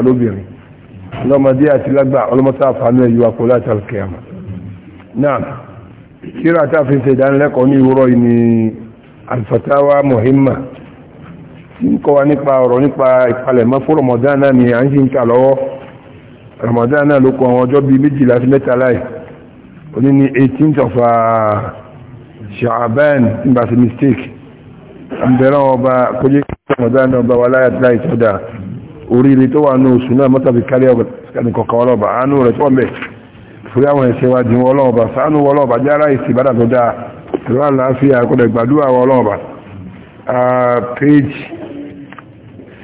olóbìnrin ọlọ́mọdé àti lágbà ọlọ́mọdé àfààní ẹ̀yọ àpọ̀lá àti alkiyama náà kíra tá a fi ṣe ìdánilẹ́kọ̀ọ́ ní ìwúrọ̀ yìí ni alfatawa muhimma tí ń kọ́ wa nípa ọ̀rọ̀ nípa ìpalẹ̀mọ́ fún Ramadan ni à ń ṣe ń kà lọ́wọ́ Ramadan náà ló kọ àwọn ọjọ́ bíi méjìlá sí mẹ́ta láì oní ní 18th of uh, Sha'aban nígbà sí mistake àbẹ̀rẹ̀ ọba kọjú Ramadan náà ọba wa láyà tọ́da oríire tó wà ní oṣù náà mọ́tàbí kárí ọ̀kọ̀ọ̀kan ọlọ́ọ̀bà àánú rẹ̀ tó wọ́n bẹ̀ fúrí àwọn ẹ̀ṣẹ̀ wa dín ọlọ́ọ̀bà ṣàánú ọlọ́ọ̀bà jára ìsì ìbádà tó dáa ìlú àlàáfíà àkọ́dẹ̀ gbàdúrà ọlọ́ọ̀bà page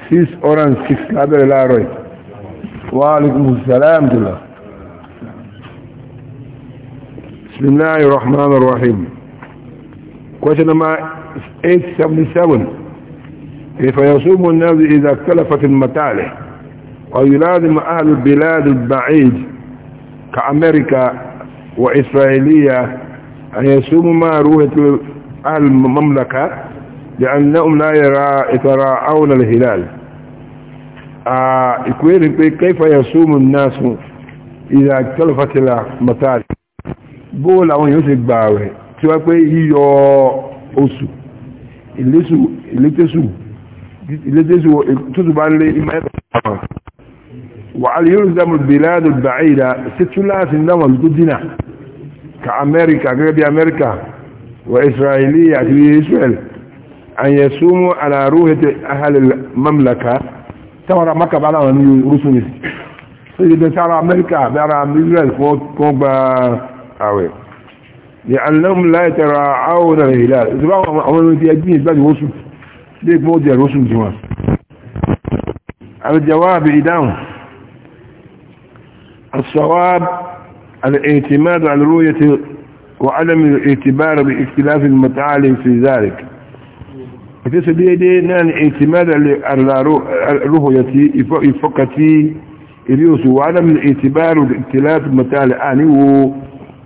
606 lábẹ́rẹ̀ láàárọ̀ bismillahir rahmanir rahim question number 877 فيصوم الناس إذا اختلفت المتالح ويلازم أهل البلاد البعيد كأمريكا وإسرائيلية أن يصوموا ما روحة أهل المملكة لأنهم لا يرى يتراءون الهلال يقول كيف يصوم الناس إذا اختلفت المتالح bó làwọn èèyàn ṣe gbà rẹ̀ tí wá pé yíyọ oṣù ìlétésù لديزو تدب على اللي ما يدفع وعلى يلزم البلاد البعيدة ستلات النوم ضدنا كأمريكا غربي أمريكا وإسرائيلية في إسرائيل أن يسوموا على روحة أهل المملكة تورى مكة بعلى من يرسل سيدة سارة أمريكا بعلى من إسرائيل كوبا أوي لأنهم لا يتراعون الهلال إذا بقوا أمريكا يجبين بعد يرسل lè gbọ́ jẹ́ rọ́sù jù wọn aljawabi ìdáhùn asawab al'itimadu al'ruyati wa alamin itibar bi iktilafin mata'alin fi zarik ita su daidai na al'itimadu al'ruhuyati ifokati iriyosu wa alamin itibar bi iktilafin mata'alin aniwo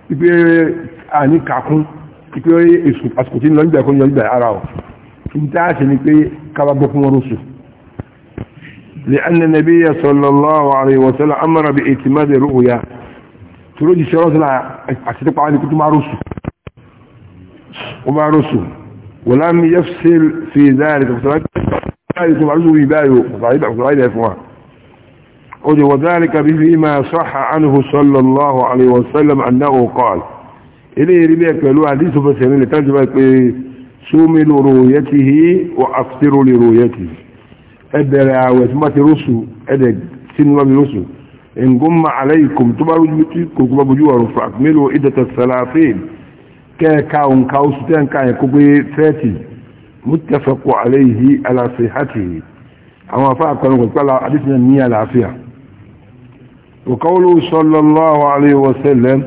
ipe ani kakun ipe asukutin lọ́gbẹ̀kún lọ́gbẹ̀ ara ọ̀ انتعاش نكي كبابك ورسل لأن النبي صلى الله عليه وسلم أمر بإعتماد الرؤيا تروجي لا أتتبع عني كنت مع رسل ومع رسل ولم يفصل في ذلك يكون عزو يبايو ضعيب أو ضعيب أفواه وذلك بما صح عنه صلى الله عليه وسلم أنه قال إليه ربيك لو حديثه بسيرين لتنجبك إيه sómi lóró yẹtì hí wà àfitérò lè rò yẹtì ẹ bẹ̀rẹ̀ àwẹ̀ tí wọ́n ti rọ́ṣù ẹ̀dẹ̀ sínú wọn bí rọ́ṣù ngomma alaykum tó bá rújú tí kò kó bá bójú ọ̀rọ̀ fún àkùnmílò ìdẹ̀tẹ̀ sàlàfíìn kẹ́ẹ̀ka òǹkà oṣù tẹ́ ǹkà yẹn kó pé thirty muttafaqu alayhi ala sihhatihi àwọn afá àkọrin kò pẹ́ la adísìnà ní àlàáfíà وقوله صلى الله عليه وسلم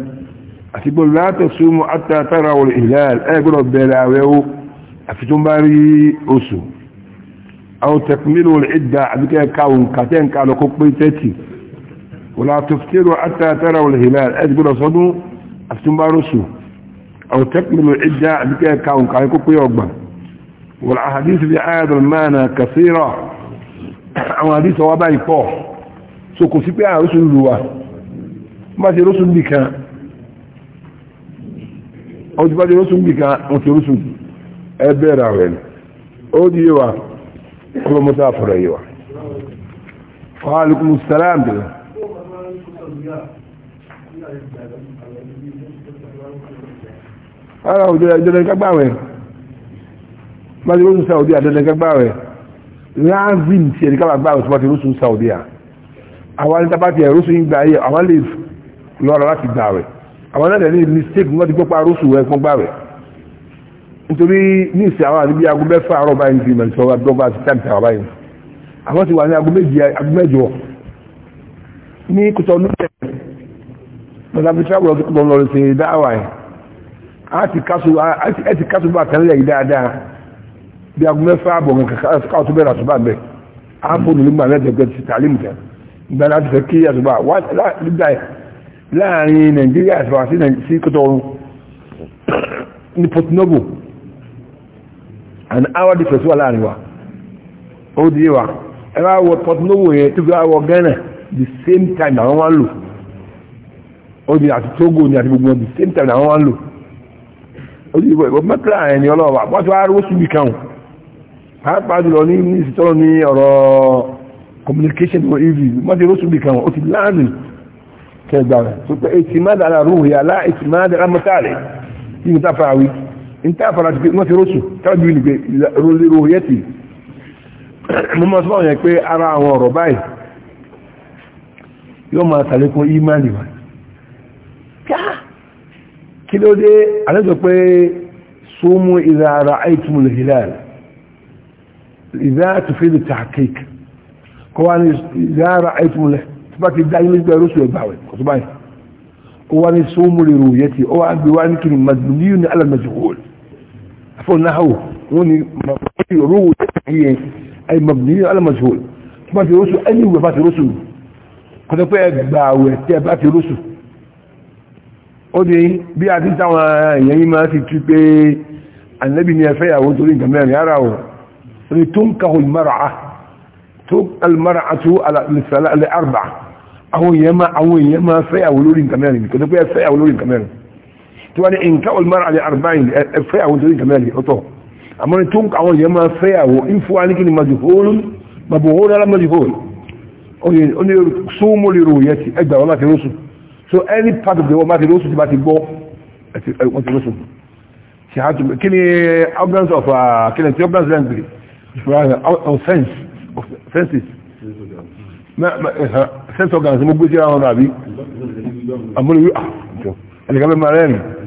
أتقول لا تصوموا حتى تروا الهلال àfi tó ń bá rí oṣù àwọn tẹkùnmílò ìdá àbíkẹ́ káwọn kàtẹ́ ń ká lọ kó pé tẹ́tì wọ́n la tó fi rọ àtàtàrà wọlé hìlá ẹ̀dì gbọ́dọ̀ sọdún àfi tó ń bá rọ́ṣù àwọn tẹkùnmílò ìdá àbíkẹ́ káwọn kàwé kó pé ọgbà wọ́n la àhàdísì fi àyàdọ̀ mánà wa báyìí pọ̀ so kò sí pé àrọ́ṣù lù wa má ṣe rọ́ṣù nìkan ọjọ́ bá ṣe rọ́ṣù nìkan wọ́n ti rọ́ṣù nìkan ẹbẹ̀rẹ̀ rẹ̀ ni ó di yíwa ọmọ mọ́ta fọ̀rọ̀ yíwa fàálùkùn sàlám bí ara òjò ẹjọ́dẹ̀ kágbàwẹ̀ májúrú Saudi àjọ́dẹ̀ kágbàwẹ̀ láàzìm tí ẹni kágbàwẹ̀ sọpàtí rúsù Saudi à àwọn ní tapàtí ẹ̀ rúsù ń gbà ayé àwọn lè lọ́rọ̀ láti gbàwẹ̀ àwọn náà ní mistake wọ́n ti gbọ́pa rúsù ẹ̀kún gbàwẹ̀ nítorí ní ìsìn àwọn àti bí aago mẹ́fà àárọ̀ báyìí ti mẹ́rin sọ àdọ́gba àti táìmì tàwa báyìí àwọn ti wà ní aago mẹ́jọ ní kùtọ̀ lóṣẹ̀ mọ̀tàbí travel ọ̀tún kùtọ̀ lọ́rọ̀ sí dáhàwá ẹ̀ a ti kásù bá tẹ́lẹ̀ yìí dáadáa bí aago mẹ́fà àbọ̀ kankan káwọ́ tó bẹ̀rẹ̀ àtúbà bẹ̀ á fóònù nígbà mẹ́tẹ̀ẹ̀kẹ́ ti tàlímù tẹ̀ ìgbà láti fẹ́ kí àtúbà láàrin Nàìjíríà an hour difference wà láàrin wa ó di wa ẹ bá wọ pọtulówó yẹn tó fi wọ Ghana the same time làwọn wá ń lò ó di àti Togo ni àti gbogbo wọn the same time làwọn wá ń lò ó di ìwọ mẹ́tìlá yẹn ni ọlọ́wà wọ́n ti wá rówó síbi kan pàápàá jùlọ ní ìsìtọ́rọ̀ ní ọ̀rọ̀ communication for easy? wọ́n ti rówó síbi kan ó ti láàrin kẹgbàrà tó pé ètì má dára rúhìá láì ètì má dára mọ́tàlẹ̀ yìí ní tá a fara wí nta afara ti pe wọ́n ti rọ́sù tábí ní pé rólérò yẹ́tì mo mọ́ sọ́wọ́n yẹn pé ara àwọn ọ̀rọ̀ báyìí yóò máa sàlékún ìmáàlì wa kí ló dé àlejò pé súnmú ìzà ara àìtúmùlù hilal ìzà tùfẹ́lù tàkík kọ́ wá ní ìzà ara àìtúmùlù tó bá ti dáyé lójú ẹrọ́sù ẹgbàwẹ̀ kò tó báyìí ó wá ní súnmú lè rò yẹ́tì ó wá gbé wá ní kí ni madlúlíyù ní alàmẹ́jọ́ wọ́lù فنحو وني مبني رو هي اي مبني على مجهول ما في رسل اني ما في رسل كنت في باوي تي ما في رسل odi bí a ti táwọn èèyàn yí máa ti tú pé annabi ni ẹfẹ́ ìyàwó torí nǹkan mẹ́rin ara ọ̀ rí tó ń kàhù ìmáraà tó almáraà tó alẹ́sàlẹ́ àrùbà àwọn èèyàn máa fẹ́ ìyàwó lórí nǹkan mẹ́rin kò tó pé ẹfẹ́ ìyàwó lórí nǹkan mẹ́rin tí wọ́n ní nǹkan olùmọ́ra àti arba'in fẹ́yàwó nítorí nǹkan mẹ́rin ọ̀tọ̀ àmọ́ ní tó ń àwọn èèyàn máa fẹ́yàwó ìfúwa ní kí ni majuhóòrùn mabuhóòrùn alámajuhóòrùn ó ní súnmọ́ lè yẹ ti ẹgbà wọn láti rọ́sùn so any part of the world láti rọ́sùn ti bá ti gbọ́ wọ́n ti rọ́sùn kí ni abundance of uh, kí ni ti abundance language uh, offense offenses eh, uh, sense organs mo gbé sí àwọn ọ̀nà àbí àmúlò yóò ah ẹnìkan bẹ́ẹ̀ máa rẹ́rìn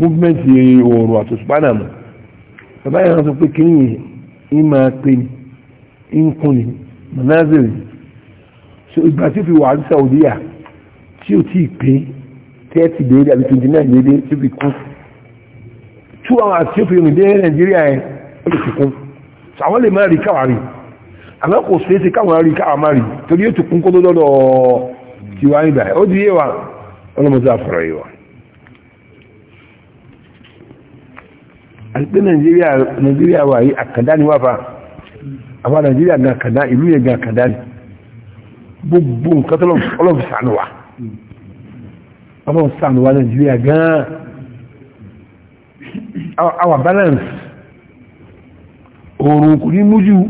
movement oòrùn àtòsùpánà mọ̀ bàbá yẹn sọ pé kíni yìí máa pè ní nkùn ní manazil so ìgbà tí ó fi wà ní Saudiya tí ó ti pé thirty déédé àbí twenty nine déédé tí ó fi kún two hours tí ó fi rìn dé Nàìjíríà yẹn ó lè fi kún so àwọn lè máa rí káwa rí àmọ́ kò ṣeé káwọn rí káwa máa rí torí ó ti kún kó tó tiwa ìgbà ó di yé wa ọlọ́mọdé àfọ̀rọ̀ yìí wa. àti pé nàìjíríà wà yí àkàdá ni wà fa àwọn nàìjíríà gan àkàdá ìlú yẹn gan àkàdá ni gbogbo nǹkan tó lọ́wọ́ sànù wa ọlọ́wọ́ sànù wa nàìjíríà gan our balance oòrùn kò ní mújú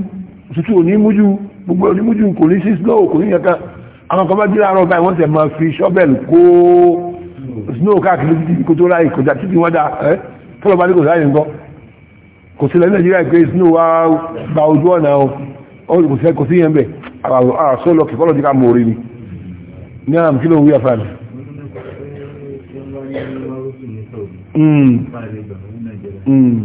òtútù ò ní mújú gbogbo ò ní mújú kò ní sí snow kò ní kankan àwọn kan bá dí láàárọ̀ báyìí wọ́n tẹ̀ máa fi shovel kó snow káàkiri títí kó tó ráyè kọjá títí wọ́n dá ẹ́ tọ́lọ̀ bá ní kò ráyè nǹkan kò sí lẹ́nu nàìjíríà pé snow wá gba ojú ọ̀nà o kò sí yẹn bẹ̀ àṣọ lọ kìkọ́ lọ́dí ká mọ̀ orí ni ní àmì kí ló ń wí àfààní. Hmm. Hmm.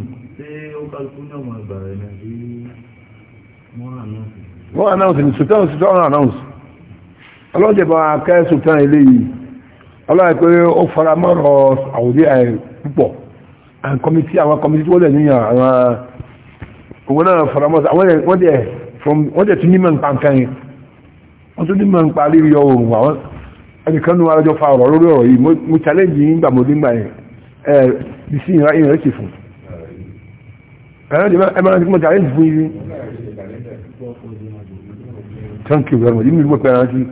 wọ́n announce ni sultan sultan announce ọlọ́jẹ̀bọ̀ ọlọ́jẹ̀ pé ó fara mọ́rọ̀ àwùjẹ́ púpọ̀ kọmití àwọn kọmití wọ́n dẹ̀ níyàn àwọn owó náà faramọ́sí wọ́n dẹ̀ tún nímọ̀ nípa nǹkan yìí wọ́n tún nímọ̀ nípa rírí ọrùn àwọn ẹnìkan ní arájọ́ fa ọ̀rọ̀ lórí ọ̀rọ̀ yìí mo challenge yìí gbà mo nígbà yẹn ẹ bí sí ìrà ìrìn rẹ̀ fún ẹ máa ń mo challenge fún yìí thank you very much ìmú ìmú pẹ̀lú àti ìmú.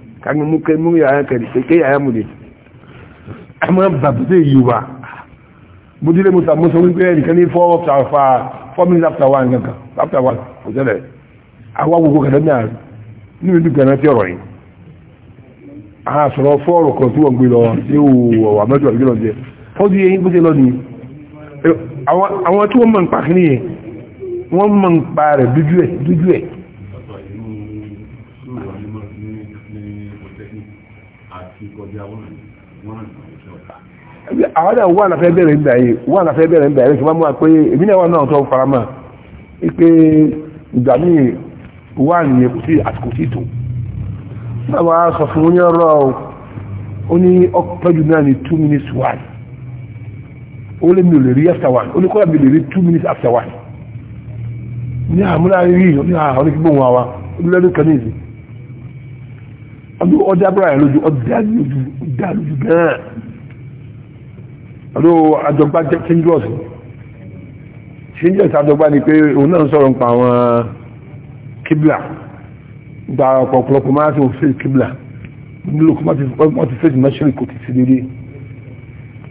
kaga mu kai mu yayan ka sai kai yayan mu ne amma ba zai yi ba mu dile mu samu sun gbe ni kani four after five four minutes after one ganka after one ko tele awa gugu kada na ni du kana ti ọ̀rọ̀ yìí a sọ̀rọ̀ fọ́ọ̀rọ̀ kan tí wọ́n gbé wa sí òwò àmọ́jọ́ àgbé lọ jẹ fọ́ọ̀dù yẹn bó ṣe lọ ni awa awa tu mọ̀ ń pa kini ni yẹn wọ́n mọ̀ ń pa rẹ̀ dúdú ẹ̀ dúdú ẹ̀ àwọn náà wà láfẹ́ bẹ̀rẹ̀ ń bẹ̀rẹ̀ wà láfẹ́ bẹ̀rẹ̀ ń bẹ̀rẹ̀ kí wọ́n mú wa pé èmi náà wà náà tó fara mọ́ ẹ pé ìgbà míì wà nìyẹn kò sí àsìkò sí tó náà wà sọ fún oní ọ̀rọ̀ ó ní ọpẹ́jù náà ní two minutes one ó lé mi ò lè rí after one ó ní kọ́lá mi lè rí two minutes after one ní àmúlá ah, rí ní àwọn ah, oníkígbóhùn àwa olùlẹ́nu kan ní ìsìn ọdẹ abúlé lójú ọdẹ lójú ọdẹ lójú gan-an ọdọ àjọgbá changeless changeless àjọgbá ni pé òun náà ń sọ̀rọ̀ nípa àwọn kíbla gba ọ̀pọ̀lọpọ̀ máa ń fẹ́ kíbla nílò kó má ti fẹ́sì mẹ́ṣẹ́rì kò ti sí dédé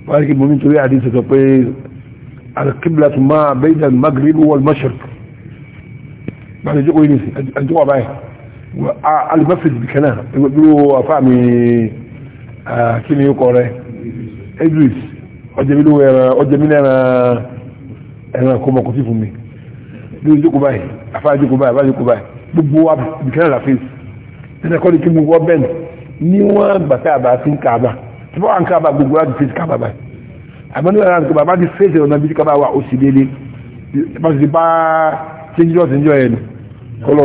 wọ́n rí kí bomi torí àdíṣe sọ pé alkibla tó máa bẹ́ẹ̀dà magrib wal mashriq bá ti jókòó yìí nìsí ẹjọ́ wà báyìí alimafid kanáà ìgbàgbọ́ afáàmì kíni ó kọ rẹ Idris ọjọ́bí ló ẹran ọjọ́bí náà ẹran kó mọ̀ kó sí fún mi ní ojú kó báyìí afáà jókòó báyìí afáà jókòó báyìí gbogbo wa bìkan la fèsì nínú ẹ̀kọ́ ni kí gbogbo ọbẹ̀ ní wọ́n gbà tá àbá sí ń kàbà tí wọ́n ń kàbà gbogbo wa ti fèsì ba, báyìí àmọ́ níwọ̀n láti kàbà bá ti fèsì ọ̀nà bí kàbà wa ó sì délé bá ti bá ṣéńjọ́ ṣéńjọ́ yẹn ni kọlọ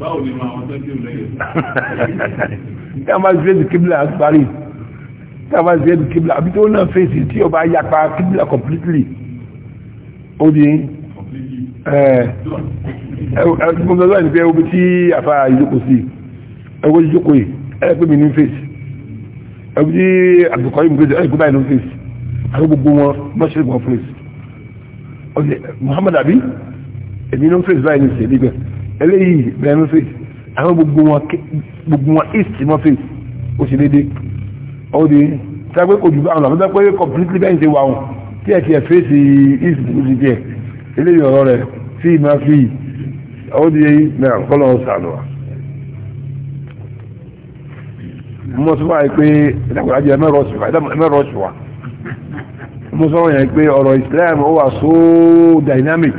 báwo ni ma àwọn tọ́jú lẹ́yìn. ká máa fèsì kíbla parí ká máa fèsì kíbla àbí tó náà fèsì tí o bá yapa kíbla completely ó di ẹ̀ẹ́dùgbọ́n lọ́wọ́ ìdíbẹ́ obi tí àfa ìjókòó sí ẹgbẹ́ ìjókòó yìí ẹgbẹ́ mi ní fèsì ẹgbẹ́ tí àbùkọ́ yìí mú fèsì ẹgbẹ́ báyìí ní fèsì àwọn gbogbo wọn mọ́ṣẹ́lẹ̀ wọn fèsì ọ̀sẹ̀ Muhammad abi èmi ní fèsì báyìí ní ìṣẹ̀lẹ̀ bẹ́ẹ̀ eléyìí bẹ̀rẹ̀ mọ́ fèsì àwọn gbogbo wọn east mọ́ fèsì ó ṣe déédéé ó di sápẹ́ kò jù bá àwọn àmọ́tá pé completely bẹ́ẹ̀ ṣe wà wọn tí ẹ̀ tiẹ̀ fèsì east ó ti tiẹ̀ eléyìí ọ̀rọ̀ rẹ̀ sí ìmọ̀ fi ó di náà kọ́lọ́ sànù wa. mo sọ wáyé pé ìdàgbàlá jẹ mẹ́rọ̀ ṣùwà mo sọ wọ́n yẹn pé ọ̀rọ̀ Islam ó wà so dynamic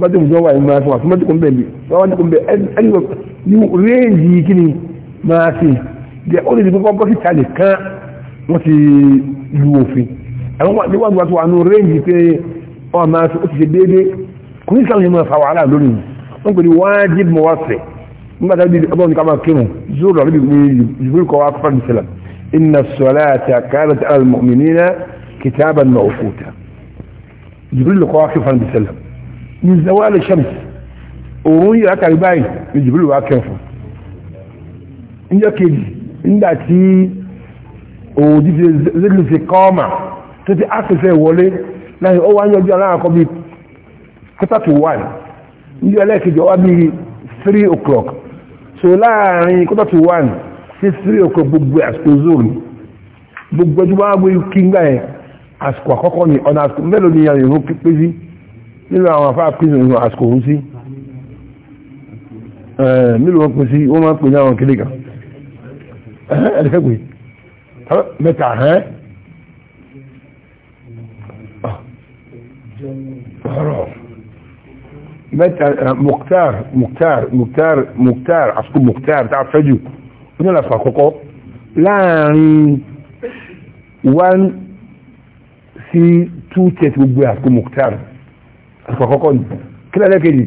sumati mu jọwa yi maa fún wa sumati kun bẹ bi sumati kun bẹ ẹni wọ ni réèjì kini máa fi jẹ ó lè di kókó bọ́sì ta nìkan wọ́n ti lu òfin àwọn wà níwájú wa tó wà nù réèjì pé ọ máa fi ó ti ṣe déédéé kò ní sàmì máa fa wàhálà lónìí wọ́n pè ní wájib mọ́ wá fẹ̀ nígbà tá a di ọba òní ká máa kírun zoro lọ níbi ìwé ìwé kọ́ wa fún ìṣẹ̀lẹ̀ inna salata kanat al mu'minina kitaban mawquta jibril kọ́ wa fún ìṣẹ̀lẹ̀ Ni zawal shams òun yìí látàrí báyìí ní jùbílù wá kẹfù níjọ́ kejì nígbà tí òòdí ti zílù fi kọ́ọ̀mà tó ti áṣẹfẹ́ wọlé láti ó wá ní bi aláàkọ́ bí kọ́tàtù wà níjọ́ ẹlẹ́ẹ̀kejì ọwá bí 3 o'clock so la láàrin kọ́tàtù wà sí 3 o'clock gbogbo àsìkò zone gbogbo ẹjọ́ wá gbé kí ngbà yẹn àsìkò àkọ́kọ́ ni ọ̀nà àsìkò mélòó ni ìyàwó pé sí nínú àwọn afá pín nínú àsìkò òun sí mílùú wọn pín sí wọ́n máa ń pè ní àwọn kéde kan ẹ̀ẹ́dẹ́gbẹ̀ mẹ́ta ẹ̀ ah. ọ̀rọ̀ mẹ́ta muktar muktar muktar muktar àsìkò muktar tá a fẹ́ jù ó ní àlàfà àkọ́kọ́ láàrin one sí two thirty gbogbo àsìkò muktar فقوقني كده ليه كده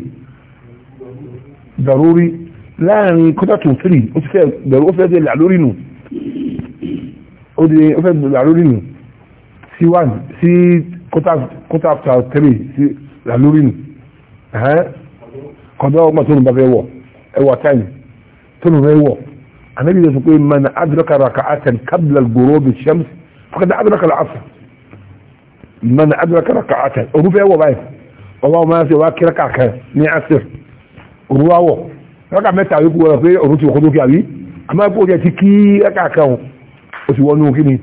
ضروري لا يعني كنت فري قلت كده ضروري قلت كده اللي علورينو قلت كده اللي علورينو سي وان سي كنت عفتها تري سي العلورينو ها قضاء ما تنو بغيوه هو تاني تنو بغيوه انا بيدي سكوين من ادرك ركعاتا قبل الغروب الشمس فقد ادرك العصر من ادرك ركعاتا اقول بغيوه بغيوه ọwọ́ ọmọ ẹ̀sẹ̀ wá kí rákà kan ní asir òru wáwọ̀ rákà mẹ́ta yóò wọ́n pé òru ti kọjú kíàwí àmọ́ ẹ̀kọ́ jẹ́ ti kí rákà kan o sì wọnú kí ni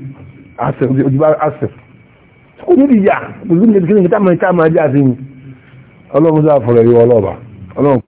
asir ojúbá asir kò ní ìyá kò ní ìyá kí ni kí ni kí ni kí ni ọlọ́run sáà fọ̀rọ̀ yìí ọlọ́ọ̀bà ọlọ́run